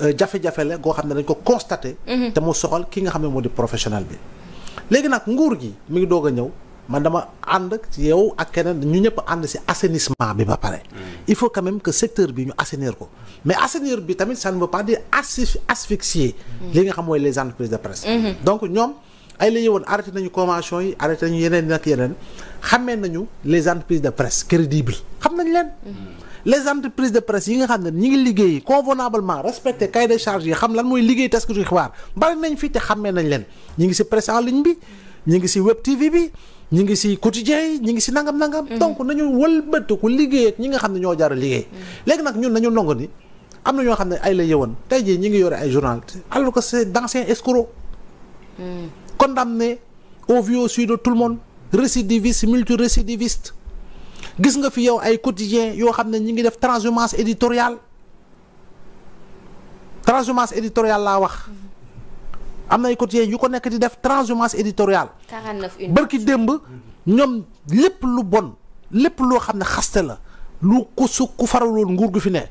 Euh, jafe-jafe la goo xam ne dañ ko constaté. Mhm. te mu soxal ki nga xam ne moo di professionnel bi. léegi nag nguur gi mi ngi doog a ñëw man dama ànd ci yow ak keneen ñu ñëpp ànd si assainissement bi ba pare. Mhm. il faut quand même que secteur bi ñu assainir ko mais assainir bi tamit ça ne veut pas dire asphyxier. Mhm. li nga xam mooy les entreprises de presse. donc ñoom. ay la woon arrêté nañu commencion yi arrêté nañu yeneen nag yeneen xamee nañu les entreprises de presse crédibles xam nañ leen mm. les entreprises de presse yi nga xam ne ñi ngi liggéey convenablement respecté cahier de charge yi xam lan mooy liggéey taskatu xibaar bari nañ te xamee nañ leen ñi ngi si presse en ligne bi ñi ngi si web tv bi ñi ngi si quotidien yi ñi ngi si nangam nangam mm-hmm. donc nañu wëlbatiku liggéey ak ñi nga xam ne ñoo jar a liggéey mm-hmm. léegi nag ñun nañu nongo ni am na ñoo xam ne ay la yewoon tey jii ñi ngi yore ay journal alors que c'est d'anciens condamné au vu au su de tout le monde récidiviste multirécidiviste gis nga fi yow ay quotidien yo xamné ñi ngi def transhumance éditoriale transhumance éditoriale la wax amna y ay quotidien yu ko nekk di def transhumance éditoriale barki demb ñom lepp lu bon lepp plus xamné ne la lu ko su ku nguur gu fi ne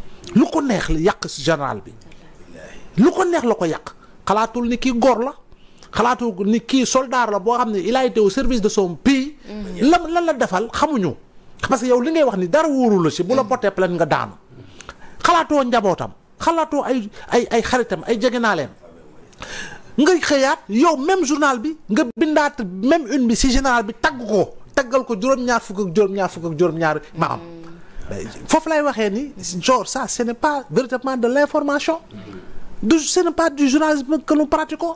lu ko neex yàq yàq général bi lu ko neex la ko yàq xalaatul ni kii góor la xalaatul ni kii soldat la boo xam ne il a service de son pays. Mm-hmm. lan lan la defal xamuñu. parce que yow li ngay wax ni dara wóoru si bu la bottee mm-hmm. plainte nga daanu xalaatoo njabootam xalaatoo ay ay ay xaritam ay jegenaaleem nga xëyaat yow même journal bi nga bindaat même une bi si général bi tagg ko taggal ko juróom-ñaar fukk ak juróom-ñaar fukk ak juróom-ñaar maam. Mm-hmm. ça ce n'est pas véritablement de l'information ce n'est pas du journalisme que nous pratiquons